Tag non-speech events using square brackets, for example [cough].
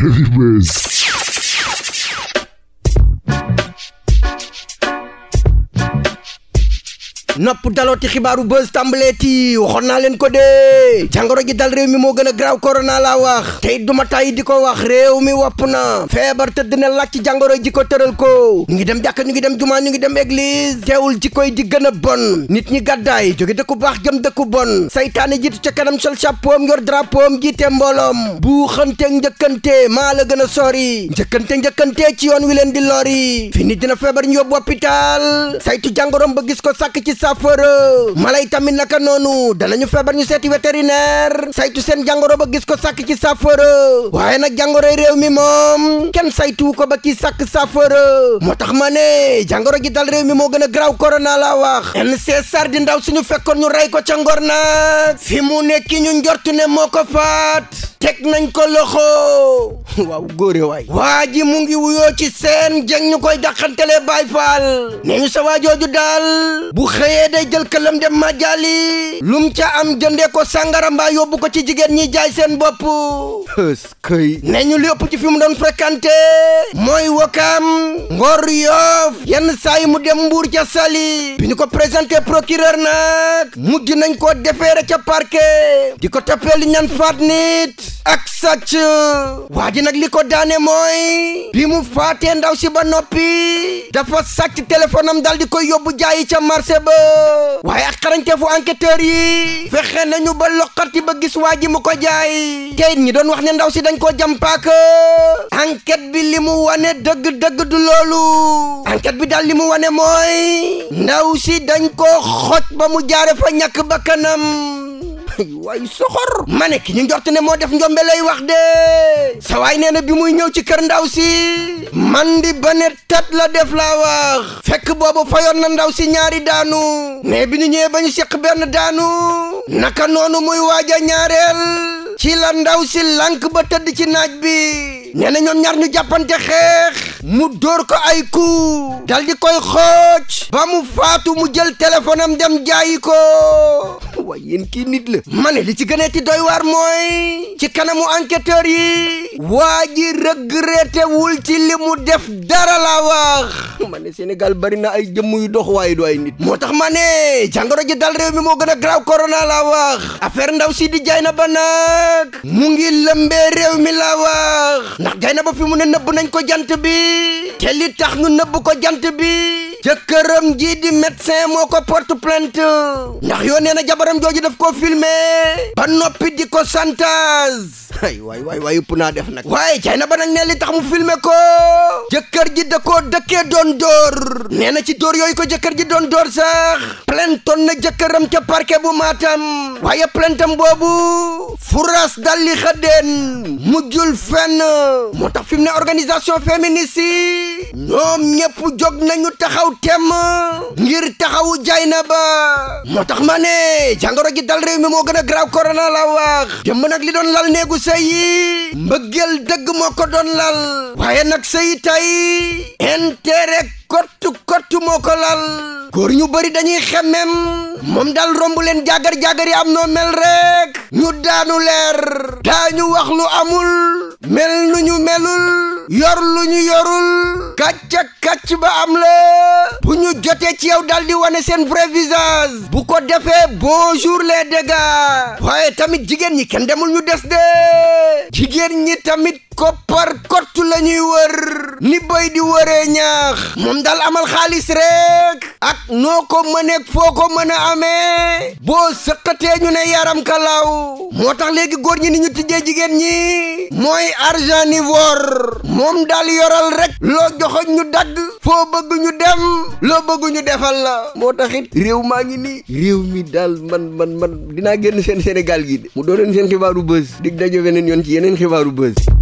Heavyweight. nopp dalooti xibaaru buzz tàmbaleeti waxoon naa leen ko dee jàngoro ji dal réew mi moo gën a graaw corona laa wax tey duma tàyyi di ko wax réew mi wopp na feebar tëdd na laaj jàngoro ji ko tëral ko ñu ngi dem jàkka ñu ngi dem jumaa ñu ngi dem église teewul ji koy di gën a bon nit ñi gàddaay jóge dëkku baax jëm dëkku bon saytaane jiitu ca kanam sol chapeau yor drapeau jiite mbooloom bu xante njëkkante maa la gën a sori njëkkante njëkkante ci yoon wi leen di lori fi nit dina feebar ñu yóbbu hôpital saytu jàngoroom ba gis ko sàkk ci sa saafara mala yi tamit naka noonu danañu feebar ñu seeti vétérinaire saytu seen jàngoro ba gis ko sàkk ci saafara waaye nag jàngoroy réew mi moom kenn saytuwu ko ba ci sàkk saafara moo tax ma ne jàngoro ji dal réew mi moo gën a graw corona la wax MC Sarr di ndaw ñu fekkoon ñu rey ko ca ngor nag fi mu nekki ñu njortu ne moo ko faat teg nañ ko loxo [laughs] waaw góore waay waa ji mu ngi wuyoo ci seen jëng ñu koy dàqantelee Baay Faal ne ñu sa waajooju daal bu xëyee day jël këlam dem majali lum ca am jëndee ko sàngara mbaa yóbbu ko ci jigéen ñi jaay seen bopp ëskëy ne ñu lépp ci fi mu doon fréquenté mooy wakaam ngor yoof yenn saa yi mu dem mbuur ca sali bi ñu ko présenté procureur nag mujj nañ ko defeere ca parquet di ko toppee li ñaan faat nit ak sàcc waa ji nag li ko daane mooy bi mu faatee ndaw si ba noppi dafa sàcc téléphone am daal di koy yóbbu jaayi ca marché ba waaye ak xarañteefu enquêteurs yi fexe nañu ba loqati ba gis waa ji mu ko jaay te ñi doon wax ne ndaw si dañ koo jam paaka enquête bi li mu wane dëgg-dëgg du loolu enquête bi daal li mu wane mooy ndaw si dañ koo xoj ba mu jaare fa ñàkk bakkanam ay waay soxor ma ne ki ñu njort ne moo def njombe lay wax de sa nee na bi muy ñëw ci kër ndaw si man di ba ne tat la def laa wax fekk boobu fayoon na ndaw si ñaari daanu mais bi ñu ñëwee ba ñu seq benn daanu naka noonu muy waaja ñaareel ci la ndaw si lànk ba tëdd ci naaj bi nee na ñoom ñaar ñu jàppante xeex mu dóor ko ay coup dal di koy xooj ba mu faatu mu jël téléphone am dem jaayi ko waaye yéen kii nit la ma ne li ci gënee ti doy waar mooy ci kanamu enquêteur yi waa ji regretté wul ci li mu def dara la wax ma ne Sénégal bari na ay jëmm yu dox waaye du ay nit moo tax ma ne jàngoro ji dal réew mi moo gën a grave corona laa wax affaire ndaw si di jaay na ba nag mu ngi lëmbee réew mi laa wax ndax jaay fi mu ne nëbb nañ ko jant bi te li tax ñu nëbb ko jant bi jëkkëram ji di médecin moo ko porte plainte ndax yoo nee na jabaram jooju def koo filmé ba noppi di ko santage ay waay waay waay yëpp naa def nag waaye cay na ba nag ne li tax mu filmer ko jëkkër ji da koo dëkkee doon dóor nee na ci door yooyu ko jëkkër ji doon dóor sax plaintoon na jëkkëram ca parquet bu Matam waaye plaintam boobu furas dalli xëddeen mujjul fenn moo tax fi mu ne organisation ñoom ñëpp jóg nañu taxaw temm ngir taxawu Jaynaba moo tax ma ne jàngoro gi dal réew mi moo gën a graaw korona la wax jëmm nag li doon lal néegu sëy yi mbëggeel dëgg moo ko doon lal waaye nag sëy tay intérêt kottu kottu moo ko lal góor ñu bari dañuy xemmem moom daal romb leen jàggar jàggar am noo mel rek ñu daanu leer daañu wax amul mel nu ñu melul yor lu ñu yorul kàcc ak kàcc ba am la bu ñu jotee ci yow daal di wane seen vrai visage bu ko defee bonjour les dégâts waaye tamit jigéen ñi kenn demul ñu des de jigéen ñi tamit koppar kottu la ñuy wër ni bëy di wëree ñaax moom daal amal xaalis rek ak noo ko mëneeg foo ko mën a amee boo sëqatee ñu ne yaram kalaw moo tax léegi góor ñi ni ñu tijjee jigéen ñi mooy argivore moom daal yoral rek loo joxoñ ñu dagg foo bëgg ñu dem loo bëgg ñu defal la moo tax it réew maa ngi nii réew mi daal man man man dinaa génn seen Sénégal gi de mu doonoon seen xibaaru buzz dig dajo beneen yoon ci yeneen xibaaru buzz